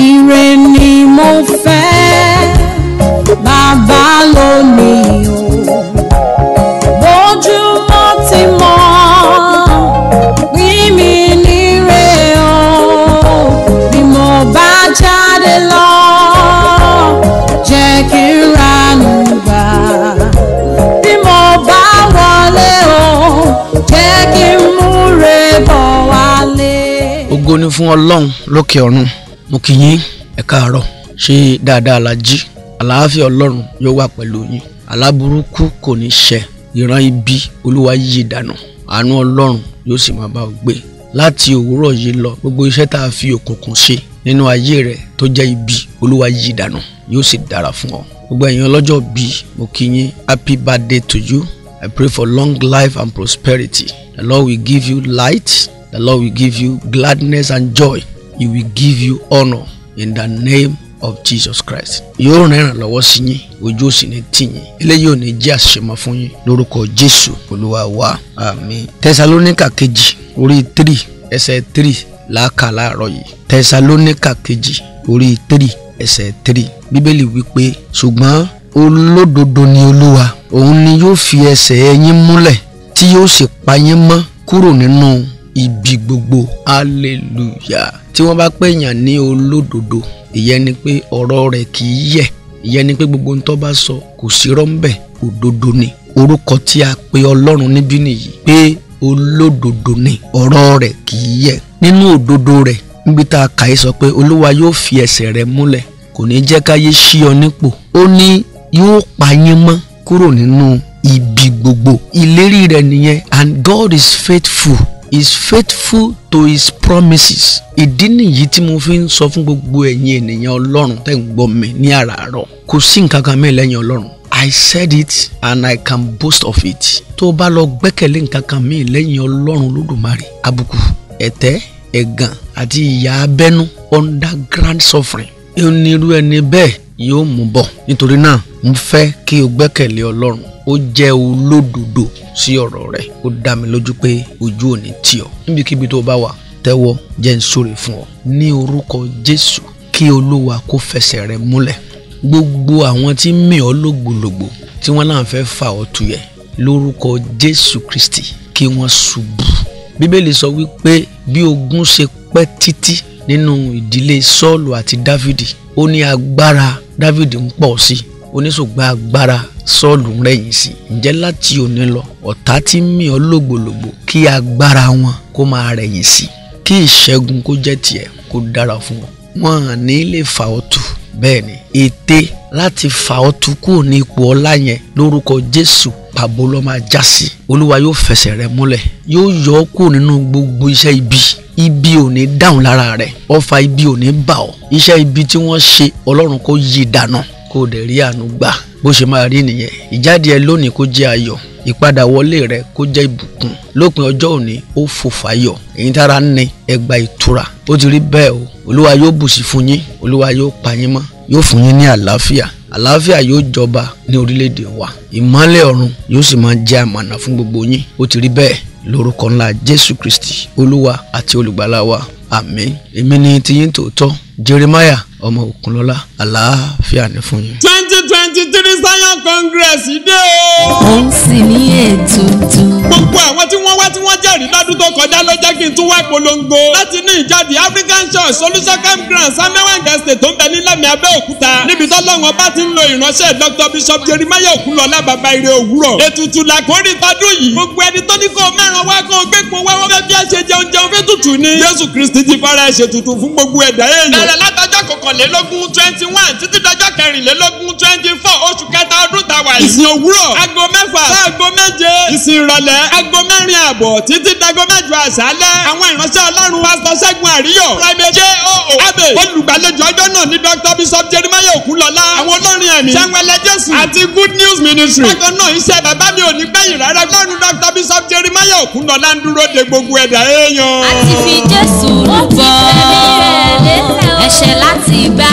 Ire ni mo fẹ́, bàbá lónìí o. Bójúmọ́ ti mọ́, pín mi níre o. Bí mo bá jáde lọ, jẹ́ kí n ranú gbà. Bí mo bá wọlé o, jẹ́ kí n múre bọ̀ wálé. Ògo ni fún Ọlọ́run lókè ọ̀run mo kì yín ẹ káàárọ̀ ṣé dáadáa la jí àlàáfíà ọlọ́run yóò wà pẹ̀lú yín aláburúkú kò ní ṣẹ ìran ibi olúwa yí dànù àánú ọlọ́run yóò sì máa bá ọ gbé láti òwúrọ̀ yìí lọ gbogbo iṣẹ́ tá a fi òkùnkùn ṣe nínú ayé rẹ tó jẹ́ ibi olúwa yí dànù yóò sì dára fún ọ gbogbo ẹ̀yin ọlọ́jọ́ bíi mo kí yín happy birthday to you I pray for long life and prosperity the Lord will give you light the Lord will give you gladness and joy he will give you honour in the name of Jesus Christ yóò ràn ìràn lọ́wọ́ sí yín ojú òsì ní tìyín eléyìí ò ní jẹ́ àṣemọ fún yín lórúkọ Jésù Olúwa wa àmín Tẹsalóníkà kejì orí tírì ẹsẹ̀ tírì làákà láàárọ̀ yìí Tẹsalóníkà kejì orí tírì ẹsẹ̀ tírì bíbélì wípé ṣùgbọ́n olódodo ni Olúwa òun ni yóò fi ẹsẹ̀ yín múlẹ̀ tí yóò sì pa yín mọ́ kúrò nínú ibi gbogbo hallelujah tí wọ́n bá pèèyàn ní olódodo ìyẹn ni pé ọ̀rọ̀ rẹ̀ kì í yẹ̀ ìyẹn ni pé gbogbo ntọ́ bá sọ kò sí rọ́ńbẹ̀ òdodo ni orúkọ tí a pe ọlọ́run níbí nìyí pé olódodo ni ọ̀rọ̀ rẹ̀ kì í yẹ̀ nínú òdodo rẹ̀ níbi tá a kà í sọ pé olúwa yóò fi ẹsẹ̀ rẹ̀ múlẹ̀ kò ní jẹ́ káyé ṣí ọ nípò ó ní yóò pa mọ́ kúrò nínú ibi gbogbo ìlérí rẹ̀ nìyẹn and God is faithful is faithful to his promises. ìdí nìyí tí mo fi ń sọ fún gbogbo ẹ̀yin ènìyàn ọlọ́run tẹ́ ń gbọ́ mi ní àràárọ̀ kò sí nǹkan kan mìíràn lẹ́yìn ọlọ́run I said it and I can boast of it. tó o bá lọ gbẹ́kẹ̀lé nǹkan kan mìíràn lẹ́yìn ọlọ́run lódùmarè àbùkù ẹ̀tẹ́ ẹ̀gàn àti ìyà abẹ́nú grand suffering onírú ẹni bẹ́ẹ̀ yóò mú bọ̀ nítorí náà mo fẹ́ kí o gbẹ́kẹ̀lé ọlọ́run ó jẹ́ olódodo sí ọ̀rọ̀ rẹ̀ ó dá mi lójú pé ojú ò ní tì ọ́ níbikíbi tó o bá wà tẹ́wọ́ jẹ́ n súre fún ọ ní orúkọ jésù kí olúwa kó fẹsẹ̀ rẹ múlẹ̀ gbogbo àwọn tí mì ọ́ lògbòlògbò tí wọ́n náà fẹ́ fà ọ́ tuyẹ̀ lórúkọ jésù kristi kí wọ́n ṣubú bíbélì sọ wípé bí ogun ṣe pẹ́ títí nínú ìdílé Sọ́ọ̀lù àti Dáfídì ó ní agbára Dáfídì ń pọ̀ sí i oníṣùgbọ́n agbára Sọ́ọ̀lù ń rẹ̀yìn sí i ǹjẹ́ láti òní lọ ọ̀tá tí ń mì ọ́ lògbòlògbò kí agbára wọn kó máa rẹ̀yìn sí i kí ìṣẹ́gun kó jẹ́ tiẹ̀ kó dára fún ọ wọn ní lè fà ọ́ tù bẹ́ẹ̀ni ète láti fà ọ́ tu kúrò ní ipò ọlá yẹn lórúkọ Jésù pàbó ló máa já sí Olúwa yóò fẹsẹ̀ rẹ múlẹ̀ yóò yọ ọ́ kúrò nínú gbogbo iṣẹ́ ibi ibi ò ní dáhùn lára rẹ ọfà ibi ò ní bà ọ́ iṣẹ́ ibi tí wọ́n ṣe Ọlọ́run kó yí dànù kó dẹ̀ rí àánú gbà bó ṣe máa rí nìyẹn ìjáde ẹ lónìí kó jẹ́ ayọ̀ ìpadàwọlé rẹ kó jẹ́ ìbùkún lópin ọjọ́ òní ó fò fàyọ̀ ẹ̀yin tára ń ní ẹgbà ìtura ó ti rí bẹ́ẹ̀ o olúwa yóò bùsí fún yín olúwa yóò pa yín mọ́ yóò fún yín ní àlàáfíà àlàáfíà yóò jọba ní orílẹ̀ wa ìmọ́lẹ̀ ọ̀run yóò sì máa jẹ́ àmànà fún gbogbo yín ó ti rí bẹ́ẹ̀ lórúkọ ńlá jésù kristi olúwa àti olùgbàlà wa àmín èmi ni tiyín tòótọ́ jeremiah ọmọ òkunlọ́lá àlàáfíà ní fún yín. twenty twenty three zion congress dé o. ó sì ní ètùtù. gbogbo àwọn tí wọ́n wá tí wọ́n jẹ́rìí lọ́dún kí n tún wá polongo láti ní ìjáde African Church Solution Camp Ground Samewa Estate tó ń bẹ ní Lẹ́mí Abẹ́òkúta níbi tọ́lọ́wọ́n bá ti ń lo ìránṣẹ́ Dr. Bishop Jeremiah Okunlọ́lá bàbá ire òwúrọ̀ ètùtù làkórí tọdún yìí gbogbo ẹni tó ní kó mẹ́ràn wá kó gbé po wá wọ́n fẹ́ bí ẹ ṣe jẹun jẹun fẹ́ tutù ni Jésù Kristi ti fara ẹ̀ ṣètùtù fún gbogbo ẹ̀dá èèyàn. bẹ̀rẹ̀ látọjọ́ kọkànlélógún twenty one títí dọjọ́ kẹrìnlélógún twenty four oṣù kẹta ọdún tàwa yìí. ìsìn òwúrọ̀ aago mẹ́fà ìsìn ìrọ̀lẹ́ aago mẹ́rin ààbọ̀ títí dago mẹ́jọ àṣálẹ́ àwọn ìránṣẹ́ ọlọ́run pásítọ̀ ṣẹ́gun àríyọ̀ private joo abe olùgbàlejò ọjọ́ náà ní dr bishop jeremiah okunlọ́lá àwọn olórin ẹ̀mí sẹ́wẹ́lẹ́ jésù àti good news ministry bákan náà iṣẹ́ bàbá mi ò ní gbẹ̀yìn rárá lọ́run dr bishop jeremiah okunlọ́lá ń dúró de gbogbo ẹ̀dá èèyàn. a ti fi jésù rúbọ ẹ̀ṣẹ̀ láti